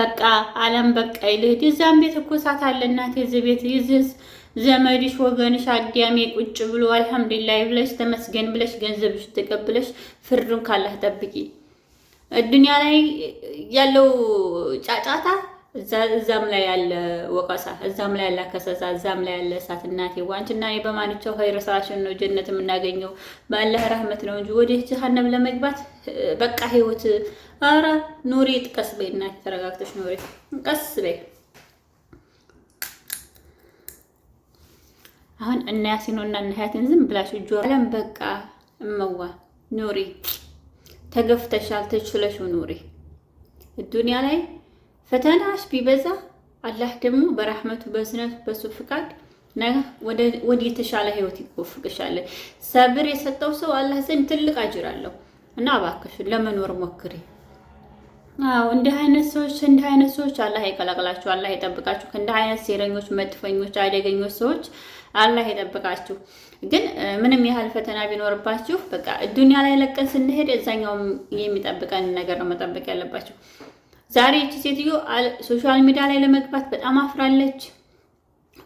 በቃ አለም በቃ ይልህድ እዛም ቤት እኮ እሳት አለ እናቴ። እዚህ ቤት ይዝስ ዘመድሽ ወገንሽ አዳሜ ቁጭ ብሎ አልሐምዱሊላህ ብለሽ ተመስገን ብለሽ ገንዘብሽ ተቀብለሽ ፍርዱን ካላህ ጠብቂ። ዱንያ ላይ ያለው ጫጫታ እዛም ላይ ያለ ወቀሳ፣ እዛም ላይ ያለ ከሰሳ፣ እዛም ላይ ያለ እሳት። እናቴ አንቺና እኔ በማንቸው ኸይር ነው ጀነት የምናገኘው በአላህ ረህመት ነው እንጂ ወደ ጀሃነም ለመግባት በቃ ህይወት። አረ ኑሪ፣ ጥቀስ በይ እናቴ፣ ተረጋግተሽ ኑሪ፣ ቀስ በይ። አሁን እና ያሲኖና እና ሀያትን ዝም ብላችሁ ጆሮ አለም በቃ እመዋ ኑሪ፣ ተገፍተሻል፣ ተችለሽ ኑሪ። ዱንያ ላይ ፈተናሽ ቢበዛ አላህ ደግሞ በራህመቱ በዝነቱ በሱ ፍቃድ ወደ የተሻለ ህይወት ይወፍቅሻል። ሰብር የሰጠው ሰው አላህ ዘንድ ትልቅ አጅር አለው እና እባክሽን ለመኖር ሞክሪ። አዎ እንዲህ አይነት ሰዎች እንዲህ አይነት ሰዎች አላህ ይቀላቅላችሁ፣ አላህ ይጠብቃችሁ። እንዲህ አይነት ሴረኞች፣ መጥፈኞች፣ አደገኞች ሰዎች አላህ ይጠብቃችሁ። ግን ምንም ያህል ፈተና ቢኖርባችሁ በቃ ዱንያ ላይ ለቀን ስንሄድ እዛኛውም የሚጠብቀን ነገር ነው መጠበቅ ያለባችሁ። ዛሬ እቺ ሴትዮ ሶሻል ሚዲያ ላይ ለመግባት በጣም አፍራለች።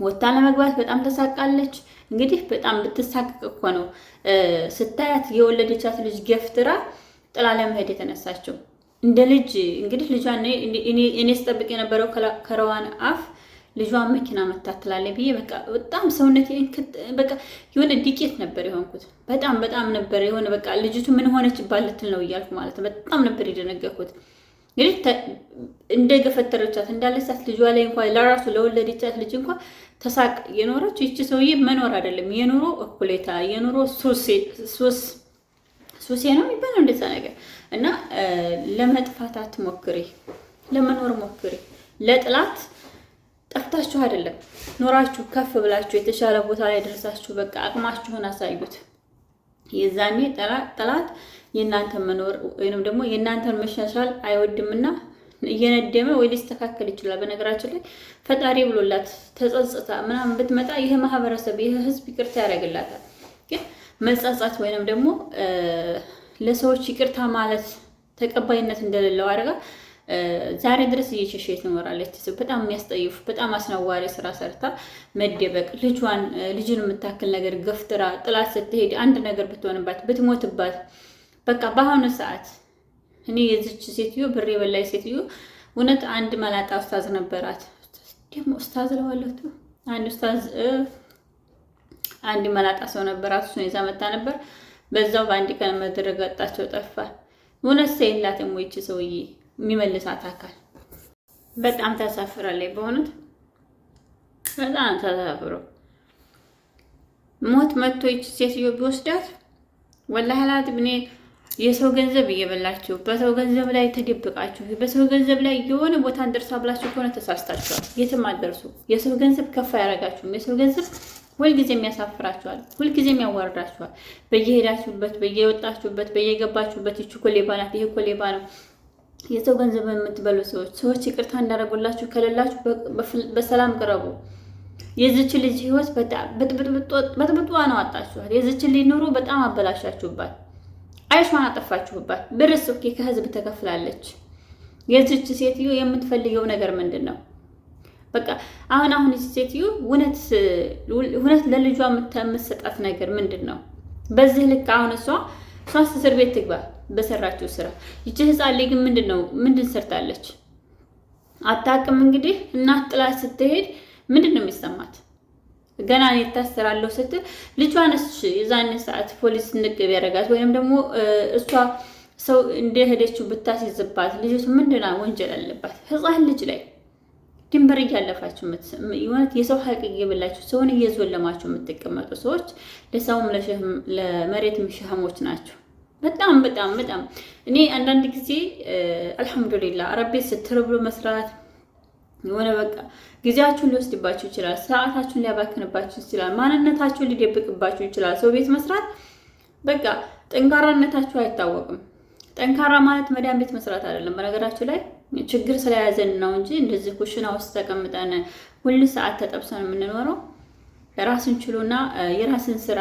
ወታ ለመግባት በጣም ተሳቃለች። እንግዲህ በጣም ብትሳቅቅ እኮ ነው ስታያት የወለደቻት ልጅ ገፍትራ ጥላ ለመሄድ የተነሳችው። እንደ ልጅ እንግዲህ ልጇን እኔ ስጠብቅ የነበረው ከረዋን አፍ ልጇን መኪና መታትላለች ብዬ በቃ በጣም ሰውነት በቃ የሆነ ዲቄት ነበር የሆንኩት። በጣም በጣም ነበር የሆነ በቃ ልጅቱ ምን ሆነች ባልትል ነው እያልኩ ማለት ነው። በጣም ነበር የደነገኩት። እንግዲህ እንደገፈተረቻት እንዳለሳት ልጇ ላይ እንኳ ለራሱ ለወለደቻት ልጅ እንኳ ተሳቅ የኖረች ይቺ ሰውዬ መኖር አይደለም የኑሮ እኩሌታ የኑሮ ሱሴ ነው የሚባለው እንደዛ ነገር እና ለመጥፋታት ሞክሬ ለመኖር ሞክሪ። ለጥላት ጠፍታችሁ አይደለም ኖራችሁ ከፍ ብላችሁ የተሻለ ቦታ ላይ ደርሳችሁ በቃ አቅማችሁን አሳዩት። የዛኔ ጠላት የእናንተን መኖር ወይንም ደግሞ የእናንተን መሻሻል አይወድምና እየነደመ ወይ ሊስተካከል ይችላል። በነገራችን ላይ ፈጣሪ ብሎላት ተጸጽታ ምናምን ብትመጣ ይህ ማህበረሰብ ይህ ህዝብ ይቅርታ ያደርግላታል። ግን መጸጸት ወይንም ደግሞ ለሰዎች ይቅርታ ማለት ተቀባይነት እንደሌለው አድርጋ ዛሬ ድረስ እየሸሸ ትኖራለች። በጣም የሚያስጠይፍ በጣም አስነዋሪ ስራ ሰርታ መደበቅ፣ ልጇን ልጅን የምታክል ነገር ገፍትራ ጥላት ስትሄድ አንድ ነገር ብትሆንባት ብትሞትባት፣ በቃ በአሁኑ ሰዓት እኔ የዚች ሴትዮ ብሬ በላይ ሴትዮ እውነት አንድ መላጣ ኡስታዝ ነበራት። ደግሞ ኡስታዝ ለዋለቱ አንድ ኡስታዝ አንድ መላጣ ሰው ነበራት። እሱን ይዛ መታ ነበር። በዛው በአንድ ቀን መድረግ መድረጋጣቸው ጠፋ። እውነት ሰይላት ሞይች ሰውዬ የሚመልሳት አካል በጣም ታሳፍራለች። በእውነት በጣም ተሳፍሮ ሞት መጥቶ ይች ሴትዮ ቢወስዳት ወላሂ ብኔ የሰው ገንዘብ እየበላችሁ በሰው ገንዘብ ላይ ተደብቃችሁ በሰው ገንዘብ ላይ የሆነ ቦታ እንደርሳ ብላችሁ ከሆነ ተሳስታችኋል። የትም አደርሱ። የሰው ገንዘብ ከፍ አያረጋችሁም። የሰው ገንዘብ ሁልጊዜ የሚያሳፍራችኋል፣ ሁልጊዜ የሚያዋርዳችኋል። በየሄዳችሁበት፣ በየወጣችሁበት፣ በየገባችሁበት ይች እኮ ሌባ ናት፣ ይሄ እኮ ሌባ ነው የሰው ገንዘብ የምትበሉ ሰዎች ሰዎች ይቅርታ እንዳደረጉላችሁ ከሌላችሁ በሰላም ቅረቡ። የዝች ልጅ ህይወት በጥብጧ ነው አጣችኋል። የዝች ልጅ ኑሮ በጣም አበላሻችሁባት፣ አይሿን አጠፋችሁባት። ብርስ ኦኬ ከህዝብ ተከፍላለች። የዚች ሴትዮ የምትፈልገው ነገር ምንድን ነው? በቃ አሁን አሁን ሴትዮ እውነት ለልጇ የምትሰጣት ነገር ምንድን ነው? በዚህ ልክ አሁን እሷ እሷስ እስር ቤት ትግባል በሰራችው ስራ። ይቺ ህፃን ልጅ ምንድን ነው ምንድን ሰርታለች አታውቅም። እንግዲህ እናት ጥላት ስትሄድ ምንድን ነው የሚሰማት? ገና እኔ ታሰራለሁ ስትል ልጇንስ የዛን ሰዓት ፖሊስ ንግብ ያደርጋት ወይም ደግሞ እሷ ሰው እንደሄደችው ብታስይዝባት ልጅቱ ምንድና ወንጀል አለባት? ህፃን ልጅ ላይ ድንበር እያለፋችሁ ሆነት የሰው ሀቅ እየበላችሁ ሰውን እየዞለማችሁ የምትቀመጡ ሰዎች ለሰውም ለመሬት ሸህሞች ናቸው። በጣም በጣም በጣም እኔ አንዳንድ ጊዜ አልሐምዱሊላ ስትር ብሎ መስራት የሆነ በቃ ጊዜያችሁን ሊወስድባችሁ ይችላል። ሰዓታችሁን ሊያባክንባችሁ ይችላል። ማንነታችሁን ሊደብቅባችሁ ይችላል። ሰው ቤት መስራት በቃ ጠንካራነታችሁ አይታወቅም። ጠንካራ ማለት መዳን ቤት መስራት አይደለም። በነገራችሁ ላይ ችግር ስለያዘን ነው እንጂ እንደዚህ ኩሽና ውስጥ ተቀምጠን ሁሉ ሰዓት ተጠብሰን የምንኖረው ራስን ችሎና የራስን ስራ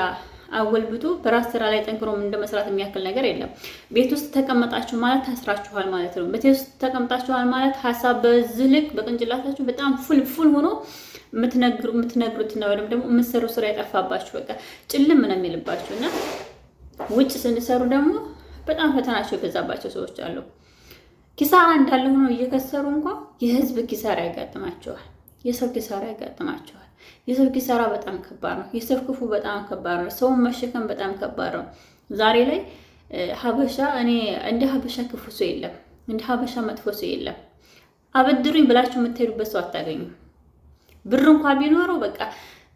አጎልብቶ በራስ ስራ ላይ ጠንክሮ እንደ መስራት የሚያክል ነገር የለም። ቤት ውስጥ ተቀመጣችሁ ማለት ታስራችኋል ማለት ነው። ቤት ውስጥ ተቀምጣችኋል ማለት ሀሳብ በዚህ ልክ በቅንጭላታችሁ በጣም ፉል ፉል ሆኖ የምትነግሩ ነው ወይም ደግሞ የምትሰሩ ስራ የጠፋባችሁ በቃ ጭልም ነው የሚልባችሁ እና ውጭ ስንሰሩ ደግሞ በጣም ፈተናቸው የበዛባቸው ሰዎች አሉ። ኪሳራ እንዳለ ሆኖ እየከሰሩ እንኳ የህዝብ ኪሳራ ያጋጥማቸዋል፣ የሰው ኪሳራ ያጋጥማቸዋል። የሰው ኪሳራ በጣም ከባድ ነው። የሰው ክፉ በጣም ከባድ ነው። ሰውን መሸከም በጣም ከባድ ነው። ዛሬ ላይ ሀበሻ እኔ እንደ ሀበሻ ክፉ ሰው የለም፣ እንደ ሀበሻ መጥፎ ሰው የለም። አበድሩኝ ብላችሁ የምትሄዱበት ሰው አታገኙ። ብር እንኳ ቢኖረው በቃ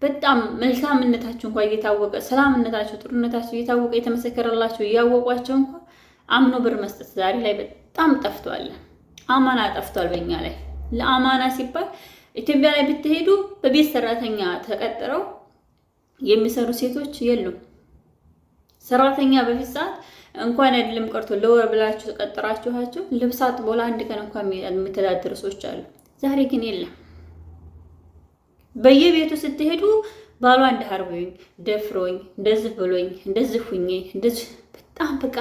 በጣም መልካምነታችሁ እንኳ እየታወቀ ሰላምነታችሁ፣ ጥሩነታችሁ እየታወቀ የተመሰከረላችሁ እያወቋቸው እንኳ አምኖ ብር መስጠት ዛሬ ላይ በጣም ጠፍቷል። አማና ጠፍቷል በኛ ላይ ለአማና ሲባል ኢትዮጵያ ላይ ብትሄዱ በቤት ሰራተኛ ተቀጥረው የሚሰሩ ሴቶች የሉም። ሰራተኛ በፊት ሰዓት እንኳን አይደለም ቀርቶ ለወር ብላችሁ ተቀጥራችኋቸው ልብስ አጥቦ ለአንድ ቀን እንኳን የሚተዳደሩ ሰዎች አሉ። ዛሬ ግን የለም። በየቤቱ ስትሄዱ ባሏ እንዳርቦኝ፣ ደፍሮኝ፣ እንደዚህ ብሎኝ፣ እንደዚህ ሁኜ፣ እንደዚህ በጣም በቃ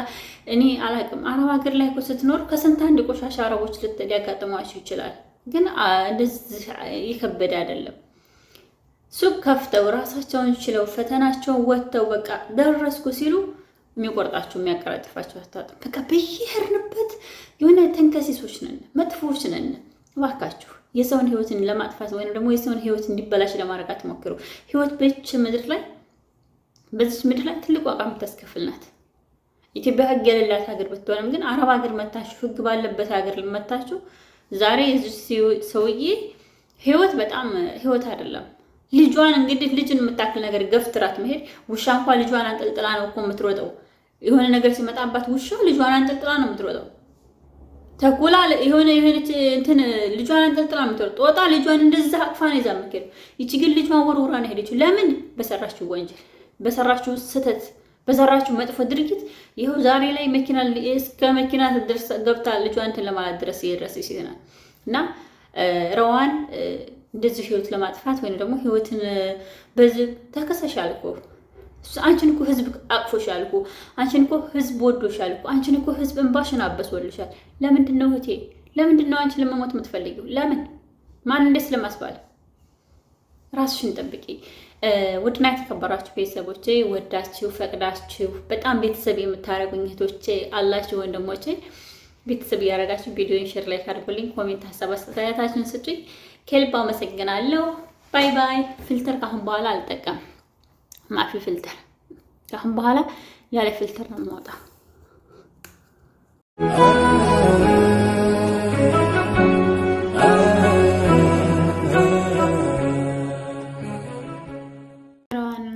እኔ አላቅም። አረብ ሀገር ላይ እኮ ስትኖር ከስንት አንድ ቆሻሻ አረቦች ልትያጋጥሟችሁ ይችላል። ግን እንደዚህ የከበደ አይደለም። ሱቅ ከፍተው ራሳቸውን ችለው ፈተናቸውን ወጥተው በቃ ደረስኩ ሲሉ የሚቆርጣቸው የሚያቀራጥፋቸው አታጥም። በቃ በየሄድንበት የሆነ ተንከሲሶች ነን፣ መጥፎች ነን። እባካችሁ የሰውን ህይወትን ለማጥፋት ወይም ደግሞ የሰውን ህይወት እንዲበላሽ ለማድረግ አትሞክሩ። ህይወት በች ምድር ላይ በዚች ምድር ላይ ትልቅ ዋጋ የምታስከፍል ናት። ኢትዮጵያ ህግ የሌላት ሀገር ብትሆንም ግን አረብ ሀገር መታችሁ ህግ ባለበት ሀገር መታችሁ ዛሬ ሰውዬ ህይወት በጣም ህይወት አይደለም። ልጇን እንግዲህ ልጅን የምታክል ነገር ገፍትራት መሄድ ውሻ እንኳ ልጇን አንጠልጥላ ነው እኮ የምትሮጠው። የሆነ ነገር ሲመጣባት ውሻ ልጇን አንጠልጥላ ነው የምትሮጠው። ተኩላ የሆነ የሆነች እንትን ልጇን አንጠልጥላ የምትሮጥ ጦጣ ልጇን እንደዛ አቅፋ ነው ይዛ የምትሄድ። ይቺ ግን ልጇን ወርውራ ነው ሄደችው። ለምን? በሰራችው ወንጀል፣ በሰራችው ስህተት በሰራችሁ መጥፎ ድርጊት ይኸው ዛሬ ላይ መኪና እስከ መኪና ገብታ ልጇን እንትን ለማለት ድረስ እየደረሰች ሴት ናት እና ረዋን እንደዚህ ህይወት ለማጥፋት ወይም ደግሞ ህይወትን በዚህ ተከሰሻል እኮ አንቺን እኮ ህዝብ አቅፎሻል እኮ አንቺን እኮ ህዝብ ወዶሻል እኮ አንቺን እኮ ህዝብ እንባሽን አበሶልሻል። ለምንድን ነው እህቴ? ለምንድን ነው አንቺን ለመሞት የምትፈልጊው? ለምን ማን እንደስ ለማስባል ራስሽን ጠብቂ። ውድና የተከበራችሁ ቤተሰቦቼ ወዳችሁ ፈቅዳችሁ በጣም ቤተሰብ የምታደርጉኝ እህቶቼ አላችሁ፣ ወንድሞቼ ቤተሰብ እያደረጋችሁ ቪዲዮን ሼር ላይ ካድርጉልኝ፣ ኮሜንት ሀሳብ አስተያየታችሁን ስጡኝ። ከልብ አመሰግናለሁ። ባይ ባይ። ፊልተር ካሁን በኋላ አልጠቀም። ማፊ ፊልተር ካሁን በኋላ ያለ ፊልተር ነው የማውጣው።